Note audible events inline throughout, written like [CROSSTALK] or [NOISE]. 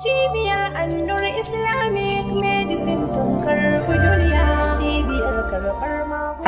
Cibiyar Annur Islamic Medicine sun karɓi duniya. Cibiyar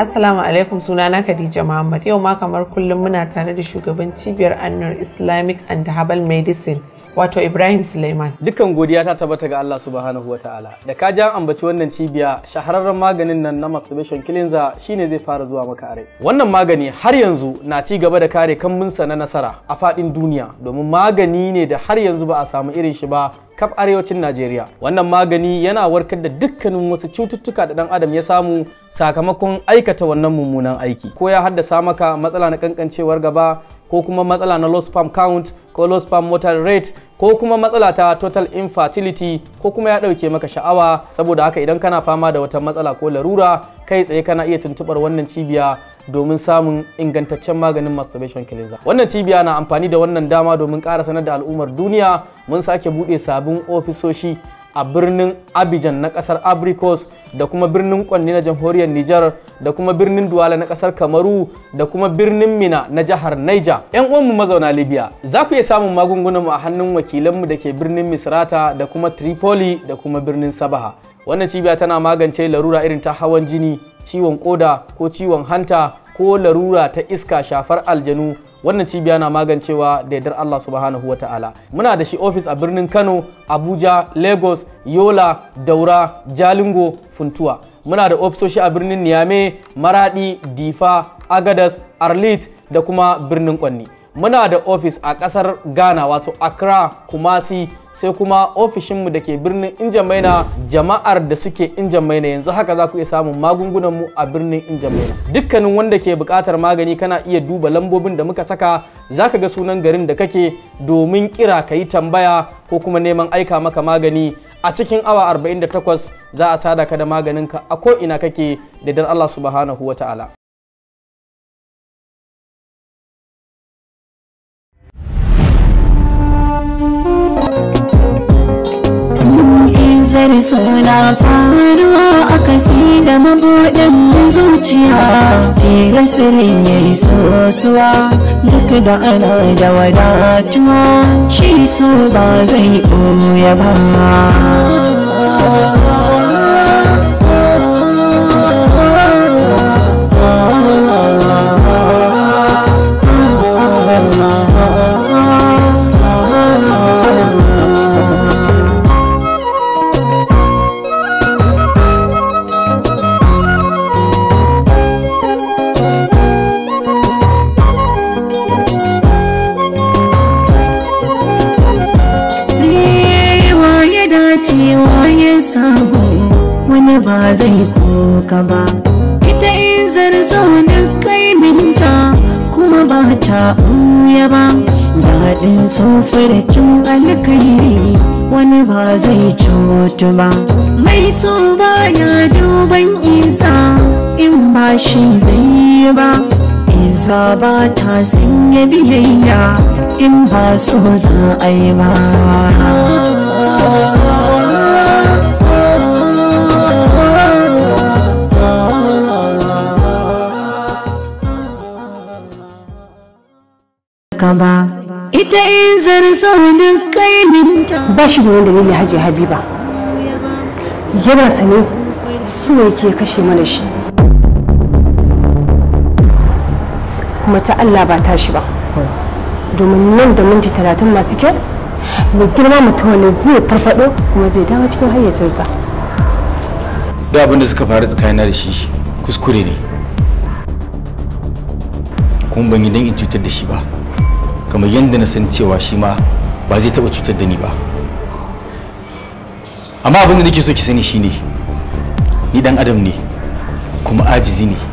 Assalamu alaikum Suna na Khadija Muhammad yau ma kamar kullum muna tare da shugaban cibiyar Annur Islamic and Herbal Medicine wato Ibrahim Suleiman. Dukan godiya ta tabbata ga Allah subhanahu wa ta'ala. Da ka ja ambaci wannan cibiya shahararren maganin nan na masturbation kilinza shine zai fara zuwa maka a rai. Wannan magani har yanzu na ci gaba da kare sa na nasara a fadin duniya domin magani ne da har yanzu ba a samu irin shi ba kaf arewacin Najeriya. Wannan magani yana warkar da dukkanin wasu cututtuka da dan adam ya samu sakamakon aikata wannan mummunan aiki ko ya haddasa maka matsala na kankancewar gaba ko kuma matsala na low sperm count ko low sperm motor rate ko kuma matsala ta total infertility ko kuma ya ɗauke maka sha'awa saboda haka idan kana fama da wata matsala ko larura kai tsaye kana iya tuntuɓar wannan cibiya domin samun ingantaccen maganin masturbation cleanser. Wannan cibiya na amfani da wannan dama domin ƙara sanar da al'ummar duniya mun sake buɗe sabbin ofisoshi a birnin Abidjan na kasar Abrikos da kuma birnin Kwanni na jamhuriyar Nijar da kuma birnin Duwala na kasar Kamaru da kuma birnin Mina na jihar Niger. 'Yan uwanmu mazauna Libya za ku iya samun magungunanmu a hannun wakilanmu da ke birnin Misrata da kuma Tripoli da kuma birnin Sabaha. Wannan cibiya tana magance larura irin ta hawan jini, ciwon koda ko ciwon hanta ko larura ta iska shafar aljanu wannan cibiya na magancewa da yadda Allah subhanahu wa ta'ala muna da shi ofis a birnin Kano Abuja Lagos Yola Daura Jalingo funtua muna da ofisoshi a birnin Niamey Maradi Difa Agadas Arlit da kuma birnin Kwanni muna da ofis a kasar ghana wato accra kumasi sai kuma ofishinmu da ke birnin injamaina jama'ar da suke injamaina yanzu haka za ku iya samun magungunanmu a birnin injamaina dukkanin wanda ke bukatar magani kana iya duba lambobin da muka saka za ka ga sunan garin da kake domin kira ka yi tambaya ko kuma neman aika maka magani a cikin awa 48 za a sada ka da maganinka a ko ina kake da dan Allah subhanahu wa ta'ala zar suna faruwa a kasi da mabuɗin zuciya tira sirin ya yi sosuwa duk da ana da wadatuwa shi so ba zai ɓoye ba biyayya in ba so za a yi ba ba ita in zarzo duk kaiminta ba shi da wanda ne ya habiba yana sane su yake kashe mana shi kuma ta Allah ba tashi ba domin nan da minti talatin masu kyau mai girma wani zai farfado kuma zai dawo cikin hayyacinsa da abin da suka faru tsakanin da shi kuskure ne kuma ban yi dan in cutar da shi ba kamar yadda na san cewa shi ma ba zai taba cutar da ni ba amma abin da nake so ki sani shine ni dan adam ne kuma ajizi ne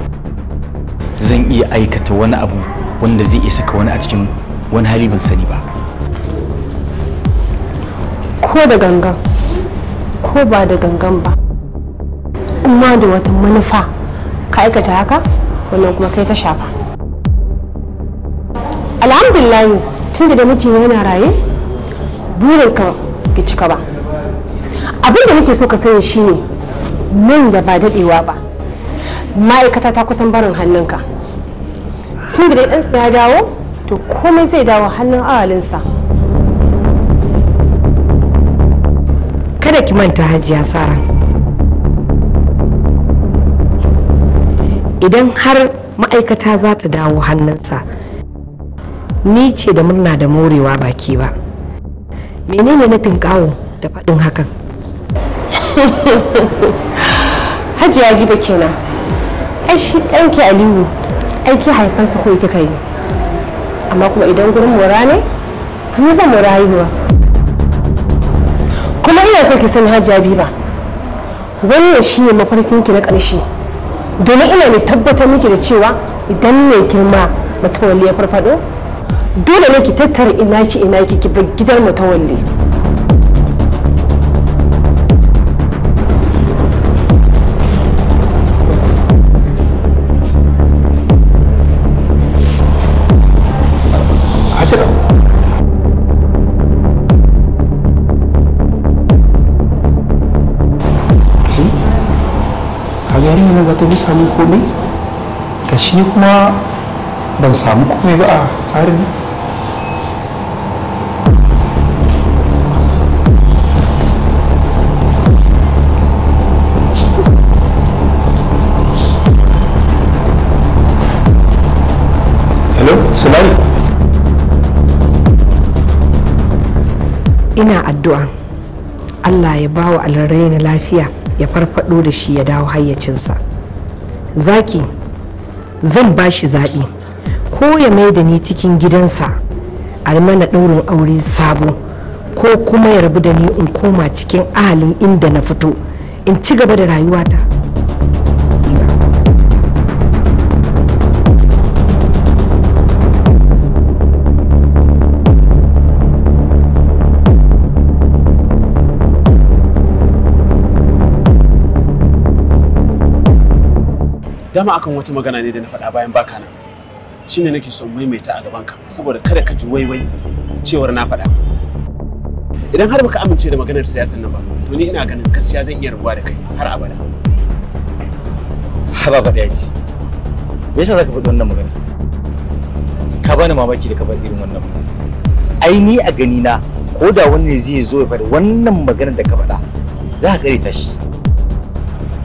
zan iya aikata wani abu wanda zai iya saka wani a cikin wani hali ban sani ba ko da gangan ko ba da gangan ba amma da wata manufa ka aikata haka wannan kuma kai ta shafa alhamdulillah tun da muke yana raye burinka bai cika ba abin da nake so ka sani shine nan da ba dadewa ba ma'aikata ta kusan barin hannunka tun da ɗansa ya dawo to komai zai dawo hannun awalinsa kada ki manta hajiya sara idan har ma'aikata za ta dawo hannunsa ni ce da murna da morewa baki ba menene na tunkawo da faɗin hakan [LAUGHS] hajiya gida kenan ai shi ɗanki aliyu aiki su ko kika yi amma kuma idan gurin mora ne ni zan mora haihuwa kuma ina so ki sani hajiya biba wannan shi ne ki na ƙarshe domin ina ne tabbatar miki da cewa idan ne girma mutawalli ya farfado dole ne ki tattara ina ki ina ki ki gidan mutawalli yari ne za ta komai ga shi kuma ban samu komai ba a tsarin ina addu'a Allah ya bawa na lafiya ya farfado da shi ya dawo hayyacinsa zaki zan ba shi zaɓi ko ya maida da ni cikin gidansa almana mana ɗaurin aure sabo ko kuma ya rabu da ni in koma cikin ahalin inda na fito in ci gaba da rayuwata. dama akan wata magana ne da na faɗa bayan baka nan shine nake son maimaita a gaban ka saboda kada ka ji waiwai cewar na faɗa idan har baka amince da maganar siyasar nan ba to ni ina ganin gaskiya zan iya rabuwa da kai har abada har abada ji me yasa zaka faɗi wannan magana ka bani mamaki da ka faɗi irin wannan magana ai ni a gani na ko da wani zai zo ya faɗi wannan maganar da ka faɗa za ka kare ta shi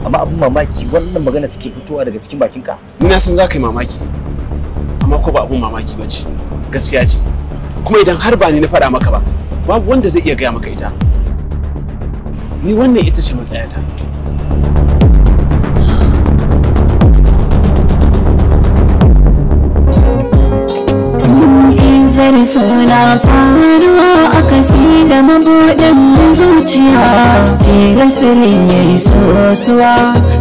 amma abin mamaki wannan magana take fitowa daga cikin bakinka na san za ka yi mamaki amma ko ba abin mamaki ba ce gaskiya ce kuma idan har ba ni na faɗa maka ba babu wanda zai iya gaya maka ita ni wannan ita ce matsayata Kaunar suna faruwa a kasi da mabuɗin zuciya Tira sirin ya yi sosuwa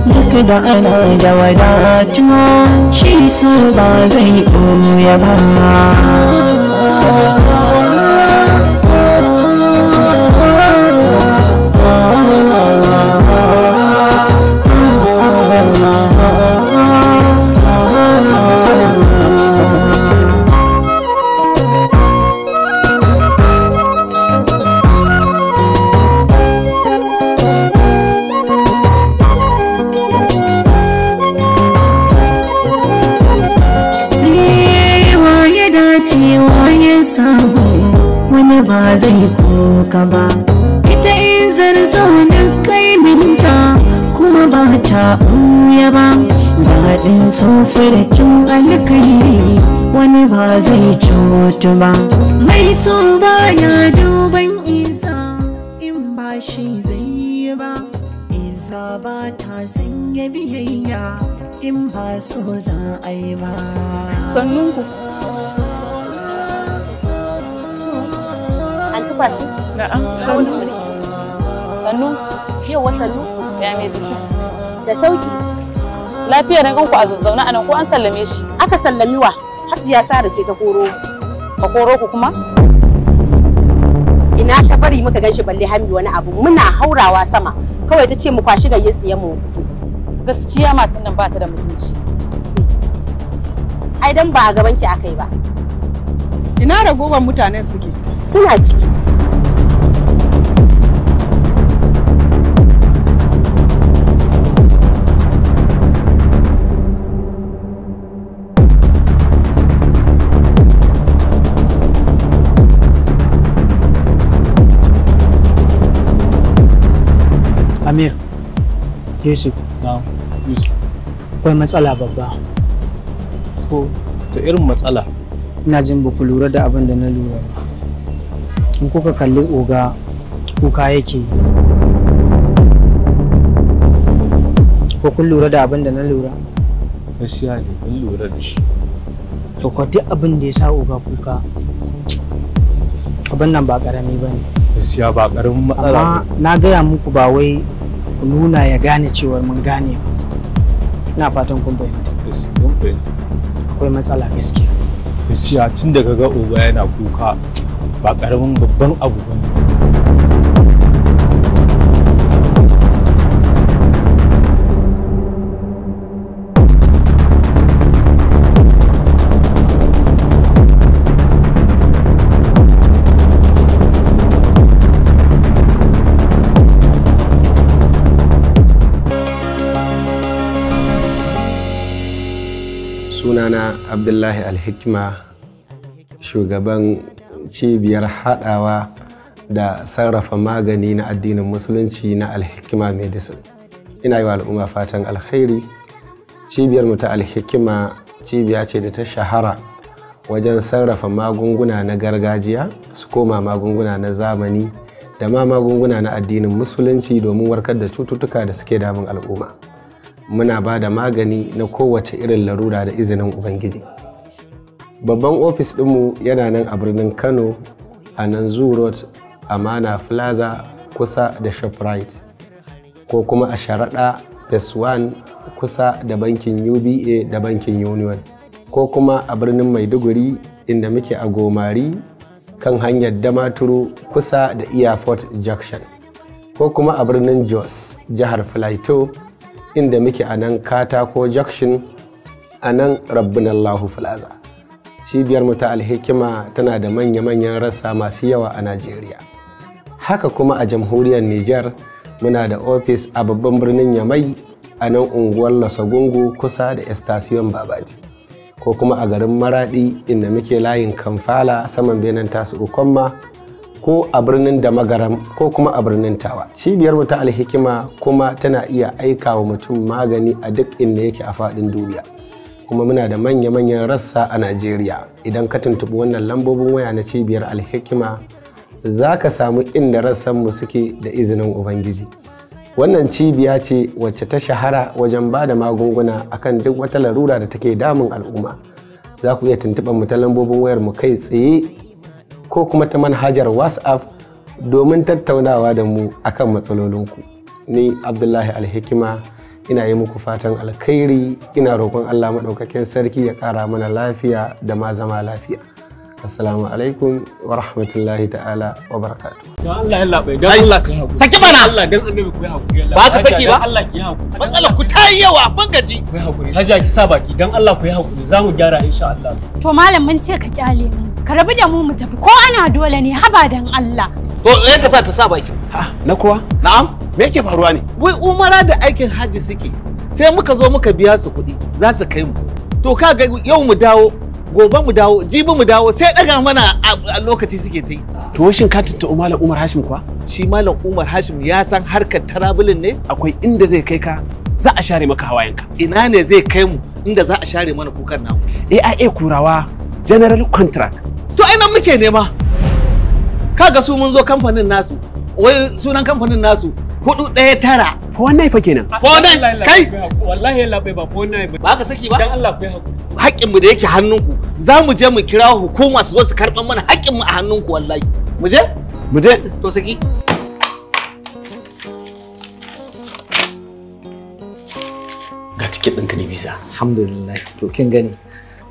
duk da ana da wadatuwa Shi su ba zai ɓoye ba in sofar cin alkhairi wani ba zai cutu ba mai so ba ya duban isa in ba shi zai yi ba isa ba ta sanya biyayya in ba so za a yi ba sannunku antifar na'am sannu sannu yau wasannu ya mai jiki da sauki Lafiya na ganku a zazzauna anan ko an sallame shi? Aka sallami wa. Hajiya Sara ce ta koro Ta koro ku kuma? Ina ta bari muka ganshi balle hami wani abu muna haurawa sama kawai ta ce mu kwashi gayye tsiye mu. Gaskiya matan nan ba ta da mutunci. Ai dan ba a gaban ki akai ba. Ina ragowar mutanen suke? Suna ciki. Amir. Yusuf. Now, Yusuf. Kwa matsala baba. To, ta irin matsala. Ina jin ba ku lura da abin da na lura ba. In kuka kalli oga kuka yake Ko kun lura da abin da na lura? Gaskiya ne, kun lura da shi. To, kwa duk abin da ya sa oga kuka abin nan ba karami ba ne. Gaskiya ba karamin matsala. Amma na gaya muku ba wai nuna ya gane cewar mun gane ina fatan kun fahimta akwai matsala gaskiya gaskiya tun daga ga oba yana kuka ba karamin babban abu bane sunana abdullahi alhikma shugaban cibiyar haɗawa da sarrafa magani na addinin musulunci na alhikima medicine ina yi wa al'umma fatan alkhairi cibiyar mu ta alhikima cibiya ce da ta shahara wajen sarrafa magunguna na gargajiya su koma magunguna na zamani da ma magunguna na addinin musulunci domin warkar da cututtuka da suke damun al'umma muna ba da magani na kowace irin larura da izinin ubangiji babban ofis ɗinmu yana nan a birnin kano a nan zoo road amana plaza kusa da shoprite ko kuma a sharaɗa swan kusa da bankin uba da bankin union ko kuma a birnin maiduguri inda muke a gomari kan hanyar damaturu kusa da airport junction ko kuma a birnin jos jihar filaito inda muke a nan katako junction a nan rabbin allahu cibiyarmu ta alhikima tana da manya-manyan rassa masu yawa a najeriya haka kuma a jamhuriyar Nijar, muna da ofis a babban birnin yamai a nan unguwar lasagungu kusa da estasiyon babaji ko kuma a garin maradi inda muke layin kamfala saman benin tasu ukomma ko a birnin da magaram ko kuma a birnin tawa cibiyar ta alhikima kuma tana iya aika wa mutum magani a duk inda yake a faɗin duniya kuma muna da manya-manyan rassa a najeriya idan ka tuntuɓi wannan lambobin waya na cibiyar alhikima za ka samu inda mu suke da izinin ubangiji wannan cibiya ce wacce ta shahara wajen ba da magunguna akan duk wata larura da take damun al'umma za ku iya tuntuɓar mu ta lambobin wayar mu kai tsaye ko kuma ta manhajar WhatsApp domin tattaunawa da mu akan matsalolinku. Ni Abdullahi Alhikima ina yi muku fatan alkhairi ina roƙon Allah maɗaukakin sarki ya ƙara mana lafiya da ma zama lafiya. Assalamu alaikum wa rahmatullahi ta'ala wa barakatu. Don Allah ya labai don Allah ka haku. Saki bana. Allah don annabi ku hakuri. Ba ka saki ba. Allah ki Matsalar ku ta yi yawa ban gaji. Ku hakuri. Hajiya ki sa baki don Allah ku hakuri za mu gyara insha Allah. To malam mun ce ka kyale mu. Ka rabu da mu mu tafi ko ana dole ne haba dan Allah. To sai ka sa ta sa baki. Ha na kuwa? Na'am. Me yake faruwa ne? Wai umara da aikin hajji suke. Sai muka zo muka biya su kuɗi za su kai mu. To ka ga yau mu dawo gobe mu dawo jibi mu dawo sai daga mana a lokaci suke ta yi. To shin ka tattaɓa Malam Umar Hashim kuwa? Shi Malam Umar Hashim ya san harkar tarabulin ne akwai inda zai kai ka za a share maka hawayenka. Ina ne zai kai mu inda za a share mana kukan namu. AIA kurawa General Contract kake nema kaga su mun zo kamfanin nasu wai sunan kamfanin nasu hudu ɗaya tara ko wannan fa kenan ko nan kai wallahi bai ba ko nan ba ka saki ba dan Allah ku hakuri haƙƙin mu da yake hannunku za mu je mu kira hukuma su zo su karɓar mana haƙƙin mu a hannunku wallahi mu je mu je to saki ga tiket ɗinka na visa alhamdulillah to kin gani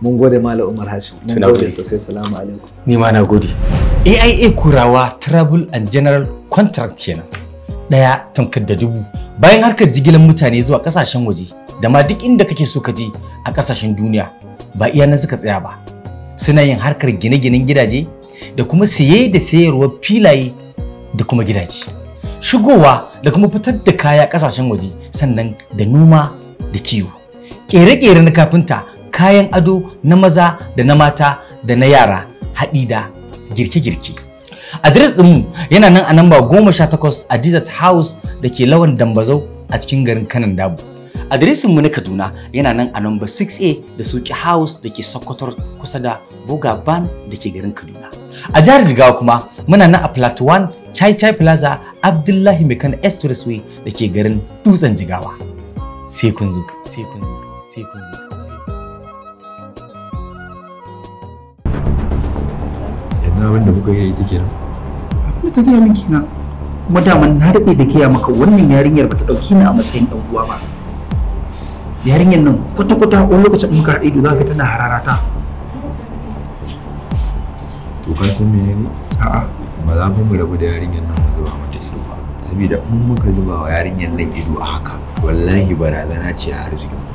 mun gode malam umar hashim mun gode sosai salamu alaikum ni ma na gode aia kurawa travel and general contract kenan daya tankar da dubu bayan harkar jigilar mutane zuwa kasashen waje da ma duk inda kake so ka je a kasashen duniya ba iya nan suka tsaya ba suna yin harkar gine-ginen gidaje da kuma siye da sayarwar filaye da kuma gidaje shigowa da kuma fitar da kaya kasashen waje sannan da noma da kiwo kere-kere na kafinta kayan ado na maza da na mata da na yara haɗi da girke-girke. Adres ɗinmu yana nan a namba goma sha takwas a Dizat House da ke lawan Dambazau a cikin garin Kanan Dabo. mu na Kaduna yana nan a namba 6A da Soki House da ke Sokoto kusa da Boga Ban da ke garin Kaduna. A jihar Jigawa kuma muna nan a Plateau 1 Chai Chai Plaza Abdullahi Mekan Expressway da ke garin Dutsen Jigawa. Sai kun zo, sai kun zo, sai kun zo. kenan abin da muka yi ita kenan abin da ta gaya min na kuma daman na daɗe da gaya maka wannan yarinyar ba ta ɗauki ni a matsayin ɗan uwa ba yarinyar nan kwata-kwata wani lokacin muka haɗe ido za ka tana hararata to ka san menene a'a ba za mu rabu da yarinyar nan mu zuba mata ido ba saboda in muka zuba wa yarinyar nan ido a haka wallahi barazana ce a arzikin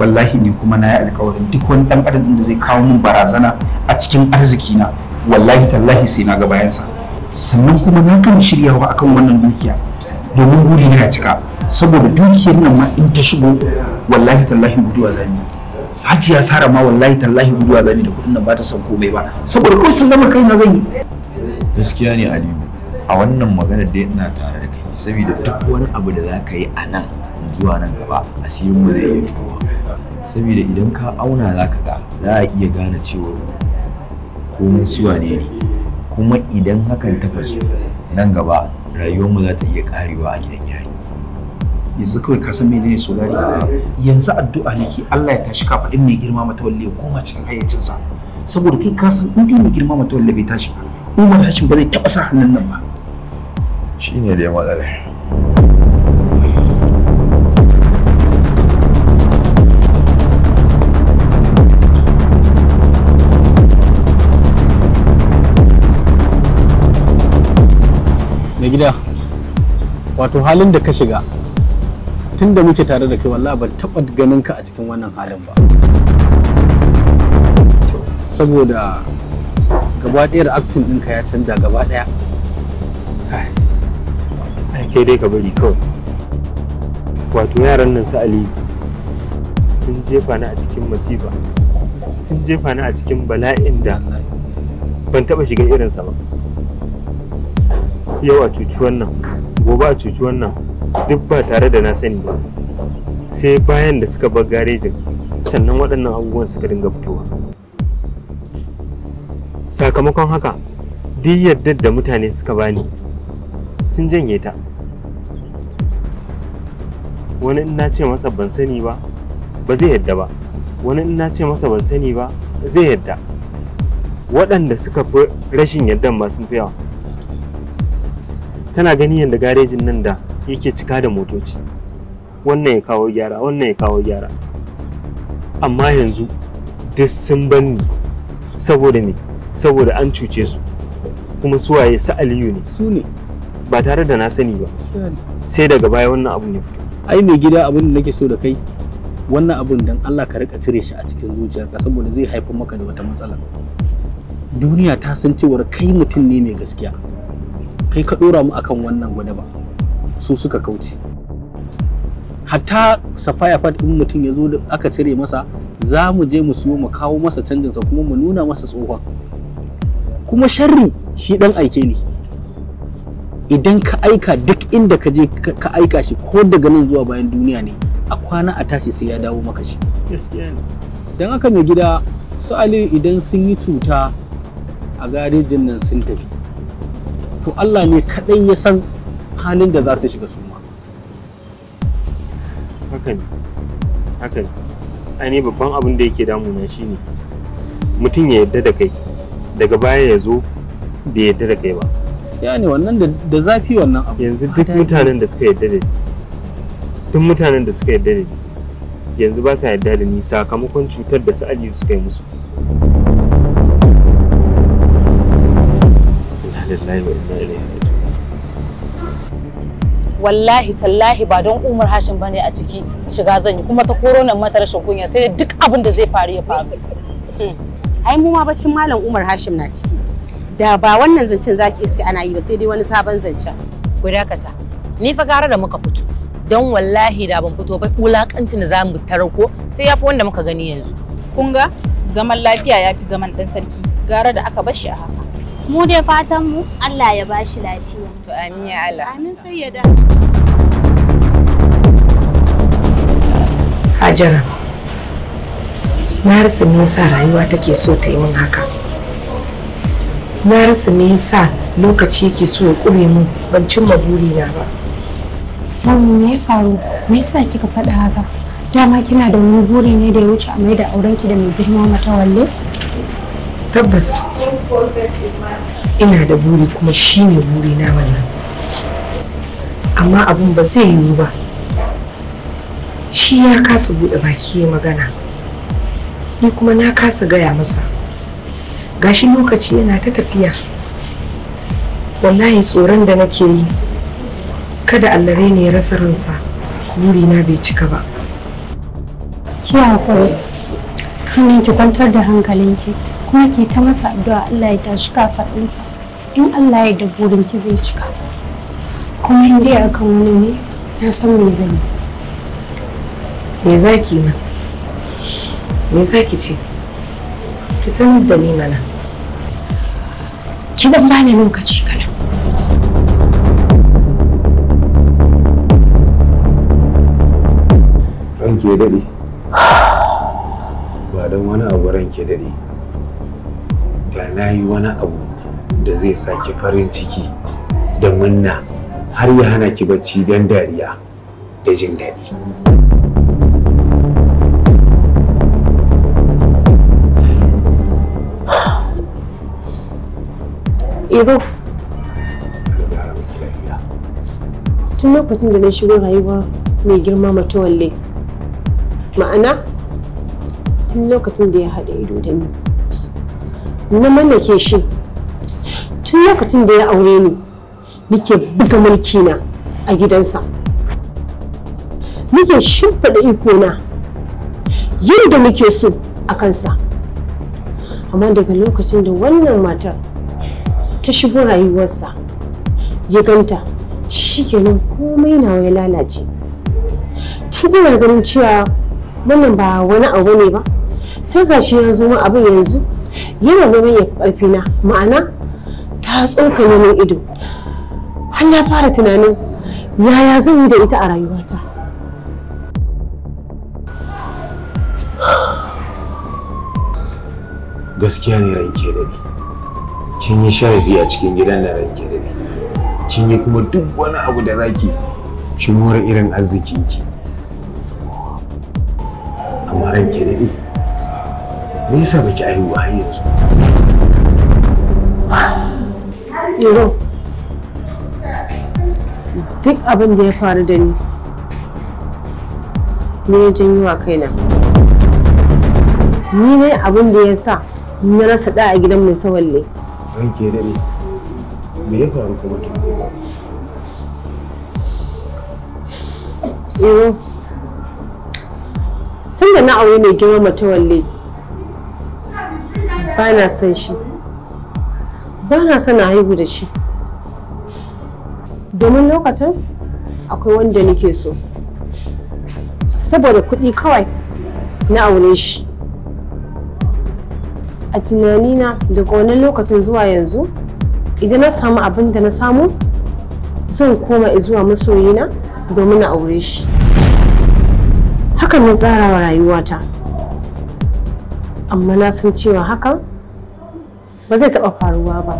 wallahi ne kuma na yi alkawarin duk wani dan adam da zai kawo min barazana a cikin arziki na wallahi tallahi sai na ga bayansa sannan kuma na kan shiryawa akan wannan dukiya domin buri na cika saboda dukiyar nan ma in ta shigo wallahi tallahi guduwa zami sati ya sara ma wallahi tallahi guduwa zami da kudin nan ba ta san komai ba saboda kawai sallamar kai na zan yi gaskiya ne aliyu a wannan magana dai ina tare da kai saboda duk wani abu da za ka yi a nan zuwa nan gaba asirin mu zai iya tuwa saboda idan ka auna za ka ga za a iya gane cewa komin suwa ne ne kuma idan hakan ta faso nan gaba rayuwarmu za ta iya karewa a gidan yari yanzu kawai ka san menene solari yanzu addu'a ne ki Allah ya tashi kafaɗin mai girma matawalli ya koma cikin hayyacinsa saboda kai ka san in mai girma walle bai tashi ba Umar Hashim ba zai taɓa sa hannun nan ba shine dai matsalar na gida wato halin da ka shiga tun da muke tare da kai wallahi ban taɓa ganin ka a cikin wannan halin ba saboda gaba ɗaya acting ɗinka ya canja gaba ɗaya kai dai ka bari kawai wato yaran nan su ali sun jefa ni a cikin masifa sun jefa ni a cikin bala'in da ban taɓa shiga irinsa ba yau a cuci wannan gobe a cuci wannan duk ba tare da na sani ba sai bayan da suka bar garejin sannan waɗannan abubuwan suka dinga fitowa sakamakon haka duk yadda da mutane suka bani sun janye ta wani in ce masa ban sani ba ba zai yadda ba wani in ce masa ban sani ba zai yadda waɗanda suka fi rashin yardan ma sun fi yawa tana gani yadda garejin nan da yake cika da motoci wannan ya kawo gyara wannan ya kawo gyara amma yanzu duk sun banni saboda ne saboda an cuce su kuma suwaye su aliyu ne su ne ba tare da na sani ba sai daga baya wannan abun ya fito ai mai gida abin da nake so da kai wannan abun dan Allah ka rika cire shi a cikin zuciyarka saboda zai haifar maka da wata matsala duniya ta san cewar kai mutum ne mai gaskiya kai ka dora mu akan wannan gwada ba su suka kauce hatta safaya fat in mutum ya zo da aka cire masa za mu je mu siyo mu kawo masa canjinsa kuma mu nuna masa tsohon kuma sharri shi dan aike ne idan ka aika duk inda ka je ka aika shi ko daga nan zuwa bayan duniya ne a kwana a tashi sai ya dawo maka shi dan aka mai gida su ali idan sun yi cuta a garejin nan sun tafi to Allah ne kadan ya san halin da za su shiga su ma. Haka ne, haka ne. Aini babban abin da yake damuna shi ne mutum ya yarda da kai daga baya ya zo bai yarda da kai ba. Gaskiya ne wannan da zafi wannan abu. Yanzu duk mutanen da suka yadda da ni, duk mutanen da suka yarda da ni yanzu ba sa yarda da ni sakamakon cutar da su aliyu suka yi musu. wallahi tallahi ba don umar hashin bane a ciki shiga zan yi kuma ta korona mata rashin kunya sai da duk abin da zai faru ya faru ai mu ma bacin malam umar hashim na ciki da ba wannan zancen zaki iske ana yi ba sai dai wani sabon zancen ku dakata ni fa gara da muka fito don wallahi da ban fito ba wulakancin da za mu ko sai ya fi wanda muka gani yanzu kun ga zaman lafiya yafi zaman dan sarki gara da aka bar shi a haka Mu dai fatan mu Allah ya bashi lafiya. To amin ya Allah. Amin sayyada. Hajara. Na rasa me yasa rayuwa take so ta yi min haka. Na rasa me yasa lokaci yake so ya kure min ban cimma burina ba. Mamu me faru? Me yasa kika faɗa haka? Dama kina da wani buri ne da ya wuce a mai da aurenki da mai girma mata walle? Tabbas. ina da buri kuma shine buri na wannan amma abun ba zai yiwu ba shi ya kasa buɗe baki ya magana ni kuma na kasa gaya masa gashi lokaci yana ta tafiya wallahi tsoron da nake yi kada allare ne ya rasa ransa burina bai cika ba kiya sannan ki kwantar da hankalinki kuma ki ta masa addu'a Allah ya tashi kafaɗinsa in Allah ya ki zai cika kuma in dai akan wani ne na san me zan yi me za ki masa me za ki ce ki sanar da ni mana ki dan bani lokaci kaɗan ke daɗe ba don wani abu ranke daɗe da na yi wani abu da zai saki farin ciki da munna har ya hana ki bacci don dariya da jin daɗi. Ibo. Tun lokacin da na shigo rayuwa mai girma matawalle. Ma'ana, tun lokacin da ya haɗa ido da ni. Na mallake shi lokacin da ya aure ni nake buga mulki na a gidansa nake shimfiɗa ikona yadda muke so a kansa amma daga lokacin da wannan matar ta shigo rayuwarsa ya ganta shi kenan komai na ya lalace tun ganin cewa wannan ba wani abu ne ba sai gashi ya zo abin yanzu yana ganin ya karfi na ma'ana ta tsoka neman ido har ya fara tunanin yaya zan yi da ita a rayuwata gaskiya ne ranke ni kin yi sharafi a cikin gidan da ranke ni kin yi kuma duk wani abu da zaki ki more irin arzikinki amma ranke ni me yasa baki aiwa yanzu iro duk abin da ya faru da ni ne ya janyo wa kaina ni ne abin da ya sa na rasa da a gidan mai sawalle an ke da ni me ya faru kuma to iro sun da na aure mai girma walle, ba na san shi bana na sana haihu da shi domin lokacin akwai wanda nake so saboda kuɗi kawai na aure shi a tunanina daga wannan lokacin zuwa yanzu idan na samu abin da na samu zan koma zuwa masoyina domin na aure shi hakan na tsara wa rayuwata amma na san cewa hakan ba zai taɓa faruwa ba.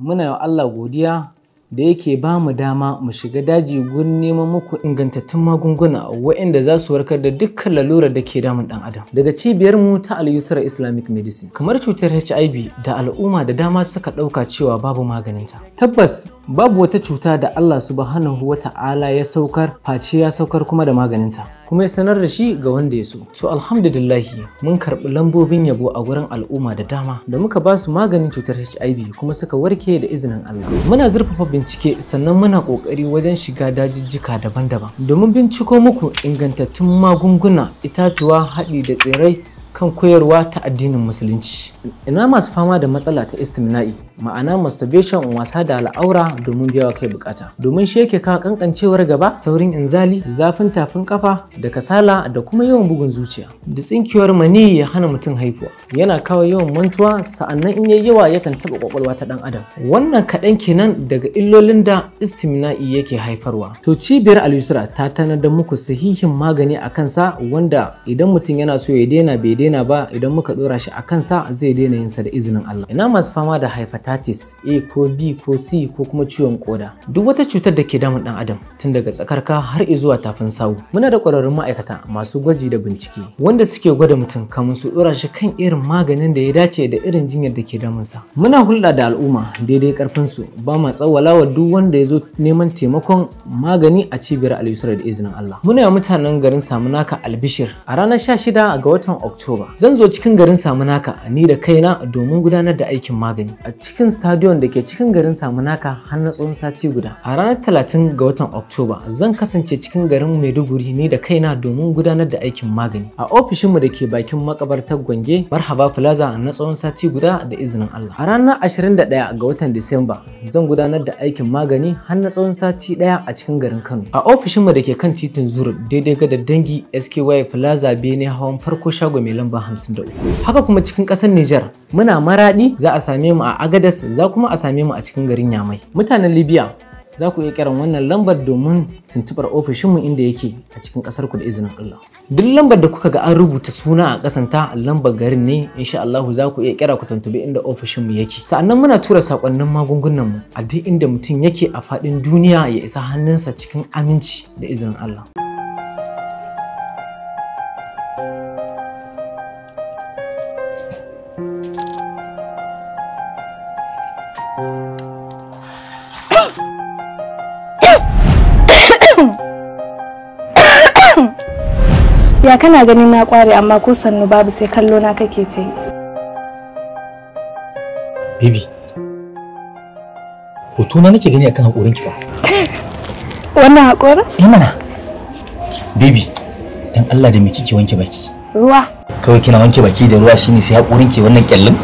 Muna yi Allah godiya da yake ba mu dama mu shiga daji gurin neman muku ingantattun magunguna waɗanda za su warkar da dukkan lalurar da ke damun ɗan adam daga cibiyar mu ta al-yusra islamic medicine kamar cutar hiv da al'umma da dama suka ɗauka cewa babu maganinta tabbas babu wata cuta da allah subhanahu Ta'ala ya saukar face ya saukar kuma da maganinta kuma ya sanar da shi ga wanda ya so. To alhamdulillahi mun karɓi lambobin yabo a gurin al'umma da dama da muka ba su maganin cutar HIV kuma suka warke da izinin Allah. Muna zurfafa bincike sannan muna ƙoƙari wajen shiga dajijjika daban-daban domin binciko muku ingantattun magunguna, itatuwa, haɗi da tsirai kan koyarwa ta addinin musulunci. Ina masu fama da matsala ta istimna'i ma'ana masturbation wasa da al'aura domin biyawa kai bukata. Domin sheke yake kankancewar gaba, saurin inzali, zafin tafin kafa da kasala da kuma yawan bugun zuciya. Da tsinkiyar mani ya hana mutum haihuwa. Yana kawo yawan mantuwa sa'annan in yayi yawa yakan taba kwakwalwa ta dan adam. Wannan kaɗan kenan daga illolin da istimna'i yake haifarwa. To cibiyar al ta tanar da muku sahihin magani akan sa wanda idan mutum yana so ya daina bai daina ba idan muka dora shi a kansa zai daina yinsa da izinin Allah ina masu fama da hepatitis A ko B ko C ko kuma ciwon koda duk wata cutar da ke damun dan adam tun daga tsakarka har zuwa tafin sawu muna da kwararrun ma'aikata masu gwaji da bincike wanda suke gwada mutum kamar su dora shi kan irin maganin da ya dace da irin jinyar da ke sa muna hulɗa da al'umma daidai karfin su ba ma tsawala duk wanda ya zo neman taimakon magani a cibiyar al da izinin Allah muna mutanen garin Samunaka Albishir a ranar 16 ga watan Oktoba ba. Zan zo cikin garin Samunaka ni da kaina domin gudanar da aikin magani a cikin stadion da ke cikin garin Samunaka har na tsawon sati guda. A ranar 30 ga watan Oktoba zan kasance cikin garin Maiduguri ni da kaina domin gudanar da aikin magani. A ofishinmu da ke bakin makabartar Gwange Marhaba Plaza na tsawon sati guda da izinin Allah. A ranar 21 ga watan Disamba zan gudanar da aikin magani har na tsawon sati daya a cikin garin Kano. A ofishinmu da ke kan titin Zuru daidai ga dangi SKY Plaza Bene hawan farko shago mai 53 haka kuma cikin ƙasar Nijar muna maraɗi za a same mu a Agadas za kuma a same mu a cikin garin Yamai mutanen Libya za ku iya kiran wannan lambar domin tuntuɓar ofishinmu inda yake a cikin ƙasar ku da izinin Allah. Duk lambar da kuka ga an rubuta suna a ƙasanta lambar garin ne insha Allahu za ku iya kira ku tuntuɓi inda ofishinmu yake. Sa'annan muna tura sakonnin magungunan mu a duk inda mutum yake a faɗin duniya ya isa hannunsa cikin aminci da izinin Allah. kana ganin na kware amma ko sannu babu sai kallo na kake ta yi bibi hoto na nake gani akan hakurin ki ba wannan hakura eh mana bibi dan Allah da me kike wanke baki ruwa kawai kina wanke baki da ruwa shine sai hakurin ki wannan kyallin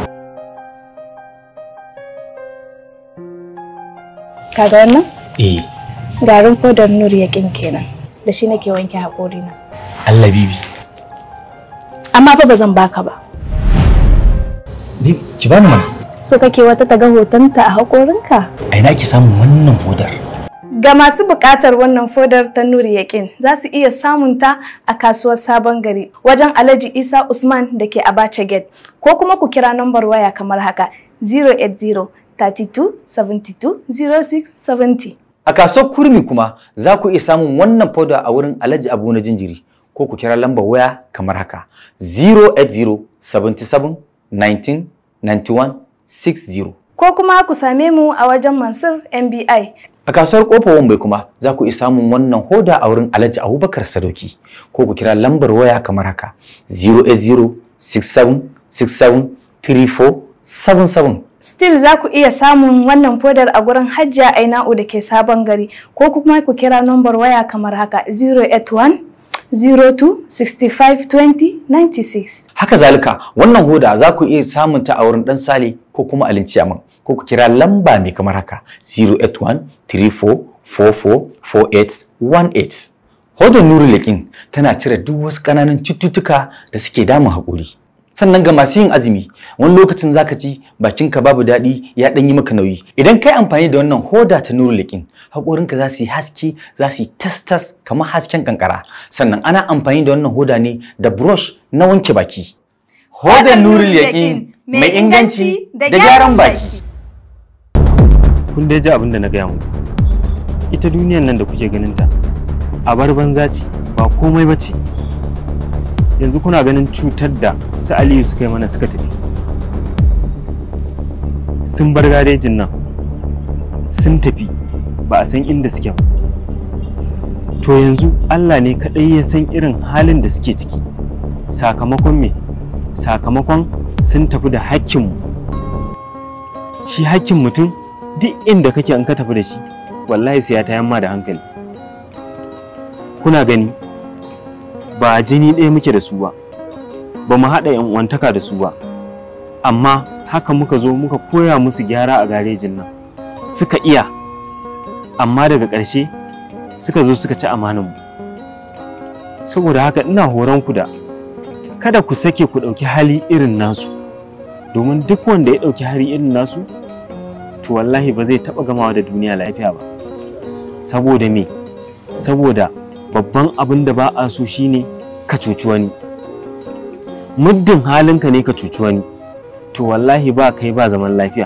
kaga wannan eh garin fodar nur yakin kenan da shi nake wanke na. Allah bibi amma fa ba zan baka ba ni ki bani mana so kake wata ta ga hotonta a hakorinka a ina ki samu wannan hodar ga masu buƙatar wannan fodar ta nuri yakin za su iya samun ta a kasuwar sabon gari wajen alhaji isa usman da ke abacha gate ko kuma ku kira nambar waya kamar haka 080 3272 0670. A kasuwar kurmi kuma za ku iya samun wannan foda a wurin Alhaji Abu na jinjiri ko ku kira lambar waya kamar haka 08077 ko kuma ku same mu a wajen Mansur MBI. A kasuwar kofar Wambai kuma za ku iya samun wannan hoda a wurin Alhaji Abubakar Sadoki ko ku kira lambar waya kamar haka 08067673477. Still za ku iya samun wannan fodar a gurin Hajjiya Aina'u da ke sabon gari ko kuma ku kira lambar waya kamar haka 081 02 Haka zalika wannan hoda za ku iya samun ta a wurin ɗan sale ko kuma a ciyaman ko ku kira lamba mai kamar haka 081 34 44 Nuru Lekin tana cire duk wasu ƙananan cututtuka da suke damun haƙuri. sannan ga masu yin azumi wani lokacin zaka ci bakinka babu daɗi ya ɗan yi maka nauyi idan kai amfani da wannan hoda ta nuru hakorin haƙorinka za su yi haske za su yi tas kamar hasken kankara sannan ana amfani da wannan hoda ne da brush na wanke baki hodar nuru liƙin mai inganci da gyaran baki kun dai ji abin da na gaya muku ita duniyar nan da kuke ganin ta a bar banza ce ba komai ba ce yanzu kuna ganin cutar da su aliyu suka yi mana suka tafi sun bar garejin nan sun tafi ba a san inda suke to yanzu allah ne kaɗai ya san irin halin da suke ciki sakamakon me sakamakon sun tafi da mu? shi hakkin mutum duk inda kake an ka tafi da shi wallahi sai ya ta ma da hankali kuna gani ba jini ɗaya muke da su ba ba mu haɗa uwantaka da su ba amma haka muka zo muka koya musu gyara a garejin nan suka iya amma daga ƙarshe suka zo suka ci mu saboda haka ina horon ku da kada ku sake ku ɗauki hali irin nasu domin duk wanda ya ɗauki hali irin nasu to wallahi ba zai taɓa gamawa da duniya lafiya ba saboda me saboda babban abin da ba a so shine ka cuci wani muddin halinka ne ka cuci wani to wallahi ba kai ba zaman lafiya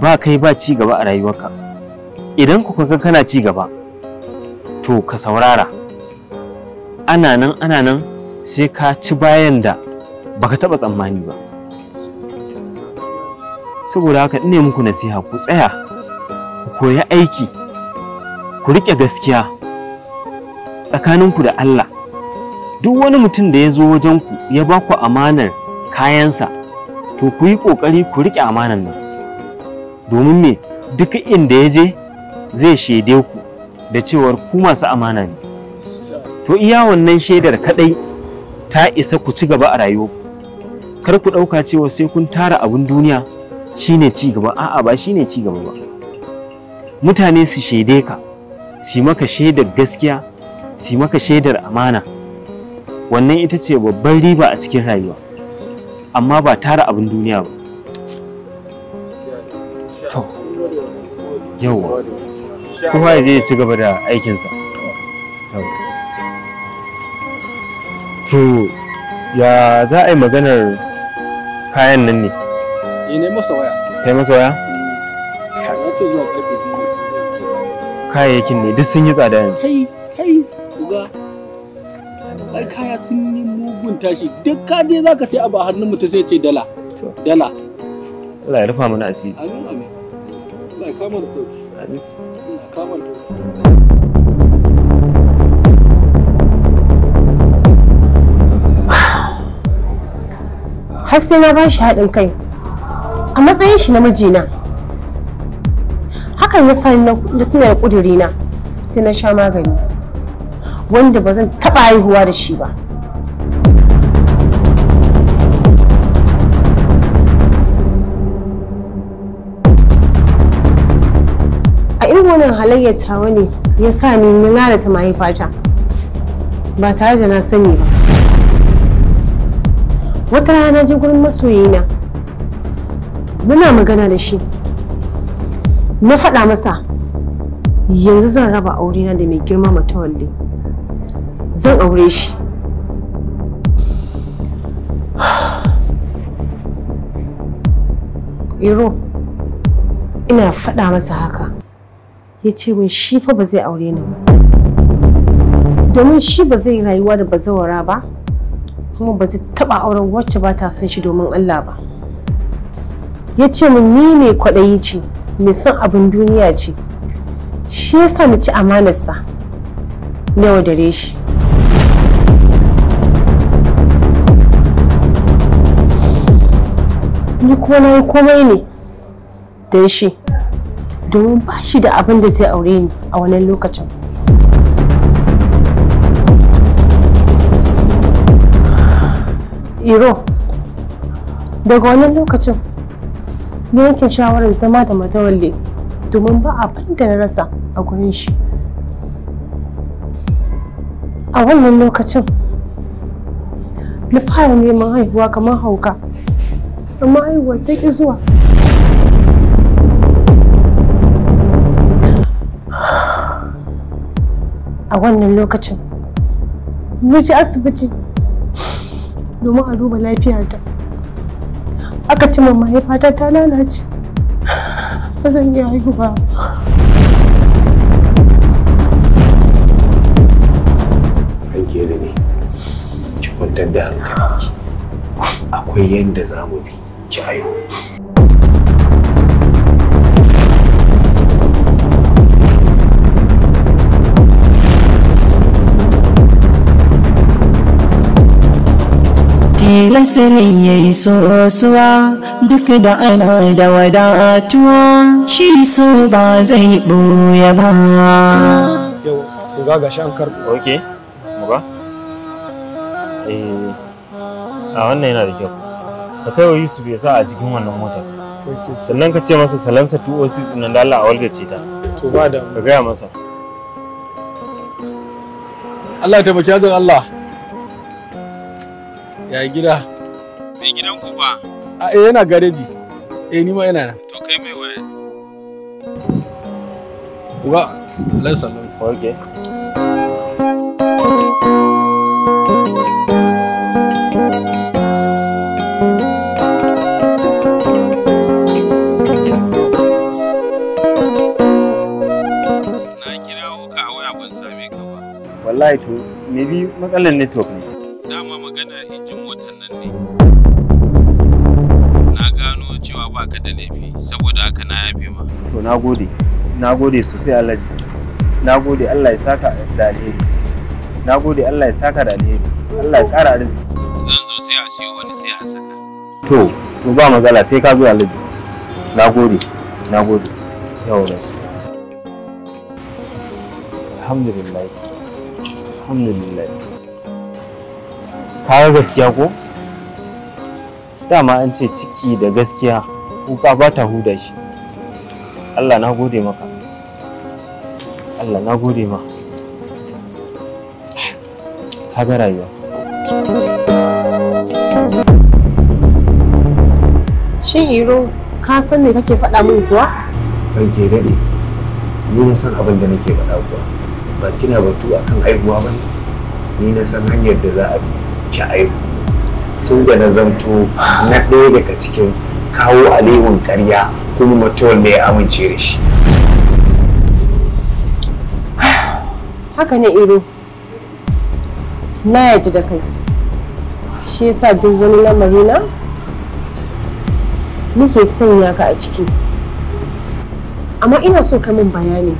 ba kai ba ci gaba a rayuwarka idan ku kaga kana ci gaba to ka saurara ana nan ana nan sai ka ci bayan da baka taba tsammani ba saboda haka ne muku nasiha ku tsaya ku koyi aiki ku riƙe gaskiya tsakaninku da Allah duk wani mutum da ya zo wajenku ya ba ku amanar kayansa to ku yi ƙoƙari ku riƙe amanar nan domin me duk inda ya je zai shaide ku da cewar ku masu amana ne to iya wannan shaidar kaɗai ta isa ku ci gaba a rayuwa kar ku ɗauka cewa sai kun tara abin duniya shine ci gaba a'a ba shine ci gaba ba mutane su shaide ka su maka shaidar gaskiya su maka shaidar amana wannan ita ce babban riba a cikin rayuwa amma ba tara abin duniya ba to yawa kowa ya je ci gaba da aikinsa to ya za a yi maganar kayan nan ne eh, ne masa waya kai masa waya mm. kayayyakin ne duk sun yi tsada yanzu ga ai kaya sun yi mugun tashi duk ka je za ka sai abu a hannun mutum sai ce dala dala Allah ya rufa mana asiri amin amin Allah ya kama da dauki amin Allah ya kama da har sai na ba shi haɗin kai a matsayin shi na mijina hakan ya sa na tuna da ƙudurina sai na sha magani wanda ba zan taɓa haihuwa da shi ba a irin wannan halayyar tawa ne ya sa ni na lalata mahaifata ba tare da na sani ba wata rana ji gurin masoyina muna magana da shi na faɗa masa yanzu zan raba aurena da mai girma tawalle. zan aure shi iro [SIGHS] ina faɗa masa haka ya ce min shi fa ba zai aure ni ba domin shi ba zai rayuwa da bazawara ba kuma ba zai taɓa auren wacce ba ta son shi domin Allah ba ya ce min ni ne kwaɗayi ce mai son abin duniya ce shi yasa na ci amanarsa na yaudare shi yi ko na yi komai ne don shi domin ba shi da abin da zai aure ni a wannan lokacin iro daga wannan lokacin na yanke shawarar zama da matawalle domin ba abin da na rasa a gurin shi a wannan lokacin na fara neman haihuwa kamar hauka amma ai ta ki zuwa a wannan lokacin je asibiti domin a duba lafiyarta aka ci mamma ya fata ta lalace ba zan iya haihu haihuwa kwantar da hankali akwai yadda za mu bi ki haihu Tilasirin ya yi sosuwa duk da ana da wadatuwa shi so ba zai ɓoye ba. Yau, ku ga gashi an karɓi. Ok, mu ba? Eh, a wannan yana da kyau. ka kai wa Yusuf ya sa a cikin wannan mota sannan ka ce masa salansa 206 nan da Allah a walgace ta to ba da ka gaya masa Allah ya taimaki azan Allah ya gida mai gidan ku ba a eh yana gareji eh ni ma yana nan to kai mai waya uwa Allah ya sallama okay wallahi to me bi matsalar network ne dama magana injin watan nan ne na gano cewa ba ka da laifi saboda haka na yafe ma to na gode na gode sosai alhaji na gode allah ya saka da alheri na gode allah ya saka da alheri allah ya kara arziki zan zo sai a siyo wani sai a saka to to ba magana sai ka zo alhaji na gode na gode yau alhamdulillah alhamdulillah kawo gaskiya ko dama an ce ciki da gaskiya kuka ba ta huda shi allah na gode maka allah na gode ma kaga rayuwa shin iro ka san me kake faɗa min kuwa ban ke daɗe ni na san abin da nake faɗa kuwa ba kina batu akan aihuwa ba ni na san hanyar da za a bi ki aihu tun da na zanto na ɗaya daga cikin kawo alehun ƙarya kuma mutuwar da ya amince da shi haka ne iro na yaji da kai shi yasa duk wani lamari na nake sanya ka a ciki amma ina so ka min bayani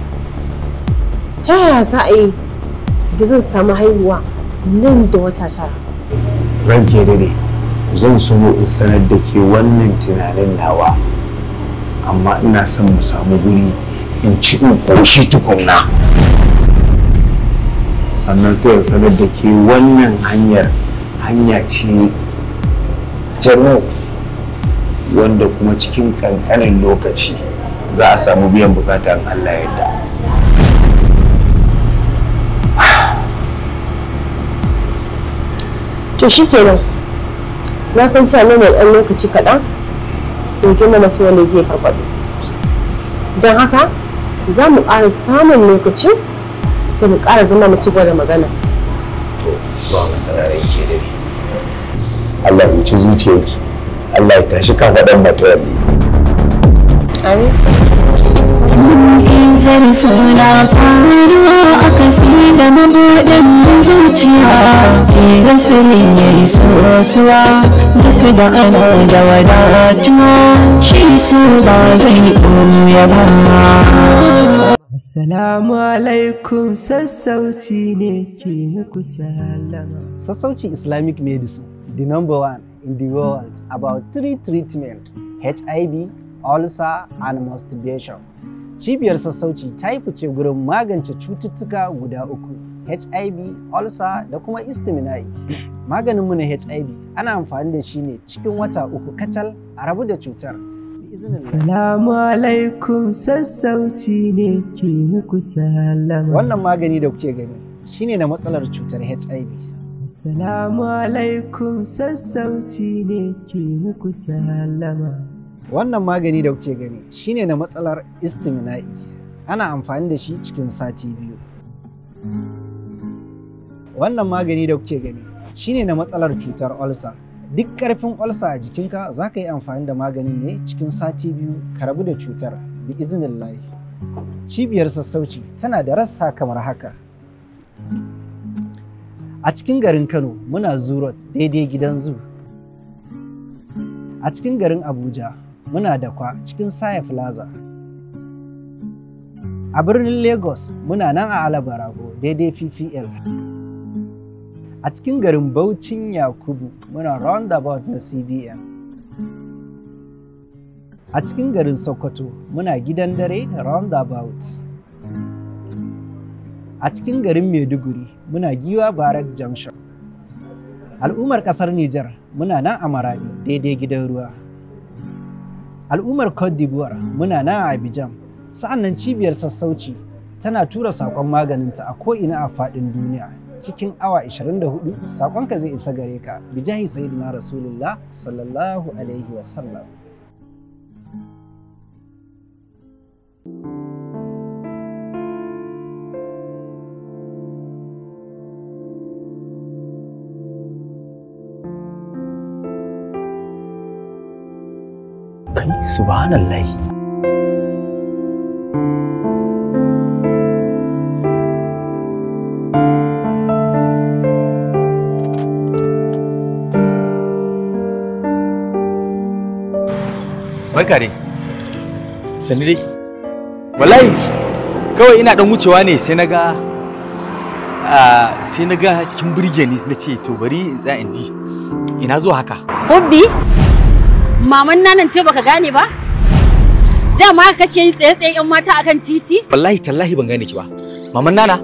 ta yaya za a yi da zan samu haihuwa nan da wata tara ranke dade zan so in sanar da ke wannan tunanin nawa amma ina son mu samu guri in ci in koshi tukunna sannan sai in sanar da ke wannan hanyar hanya ce jaro wanda kuma cikin ƙanƙanin lokaci za a samu biyan bukatan Allah yadda to shi kenan na san cewa nan mai ɗan lokaci kaɗan ɗauki na mutum wanda zai farfaɗo don haka za mu ƙara samun lokaci sai mu ƙara zama mu ci gwada magana to ba masanarai ke da ni Allah ya ci zuciyarki Allah ya tashi kafaɗan mata ne Amin. nazari suna faruwa a kasi da mabuɗin zuciya ke sirri ya yi sosuwa duk da ana da wadatuwa shi su ba zai ɓoya ba Assalamu alaikum sassauci ne ke muku salama. Sassauci Islamic medicine, the number one in the world about three treatments HIV, ulcer, and masturbation. Cibiyar sassauci ta yi fice gurin magance cututtuka guda uku, HIV, ulcer da kuma istimina'i. mu na HIV ana amfani da shi ne cikin wata uku kacal a rabu da cutar. Salamu alaikum sassauci ne ke muku salama. Wannan magani da kuke gani shi ne na matsalar cutar HIV. Salamu alaikum sassauci ne ke muku salama. Wannan magani da kuke gani shine na matsalar istimina'i. Ana amfani da shi cikin sati biyu. Wannan magani da kuke gani shine na matsalar cutar olsa. Duk ƙarfin olsa a jikinka za ka yi amfani da maganin ne cikin sati biyu ka rabu da cutar bi izinin layi. Cibiyar sassauci tana da rassa kamar haka. A cikin garin Kano muna zuro daidai gidan zu. A cikin garin Abuja muna da kwa cikin Saya Plaza. A birnin Lagos muna nan a Alabarago daidai PPL. A cikin garin Baucin Yakubu muna roundabout na CBN. A cikin garin Sokoto muna gidan dare roundabout. A cikin garin Maiduguri muna giwa Barak Junction. Al'ummar ƙasar Nijar muna nan a Maradi daidai gidan ruwa. al'ummar cote d'ivoire muna na abidjan sa'annan cibiyar sassauci tana tura saƙon maganinta a ko'ina a faɗin duniya cikin awa 24 saƙonka zai isa gare ka bijahi sayyidina rasulullah sallallahu alaihi wasallam Subhanallah. barka dai sani dai wallahi kawai ina dan wucewa ne sai na ga sai na ga kin burge ni na ce to bari in za in ji ina zuwa haka hobbi maman nanan ce baka gane ba dama kake yi tsaye-tsaye yan mata akan titi wallahi tallahi ban gane ki ba maman nana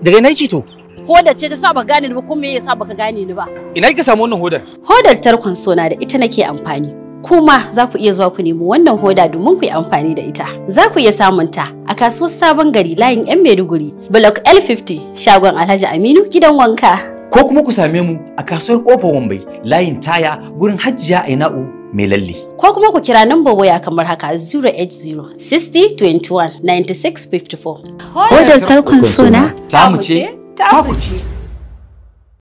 daga ina ki to hodar ce ta sa ba gane ni ba kuma me yasa baka gane ni ba ina kika samu wannan hodar hodar tarkon sona da ita nake amfani kuma za ku iya zuwa ku nemi wannan hoda domin ku yi amfani da ita za ku iya samunta a kasuwar sabon gari layin yan maiduguri block l50 shagon alhaji aminu gidan wanka ko kuma ku same mu a kasuwar kofar wambai layin taya gurin hajjiya a na'u mai lalle. Ko kuma ku kira nambar waya kamar haka 080-6021-9654. Hodar tarkon suna ta mu ce, ta ku ce.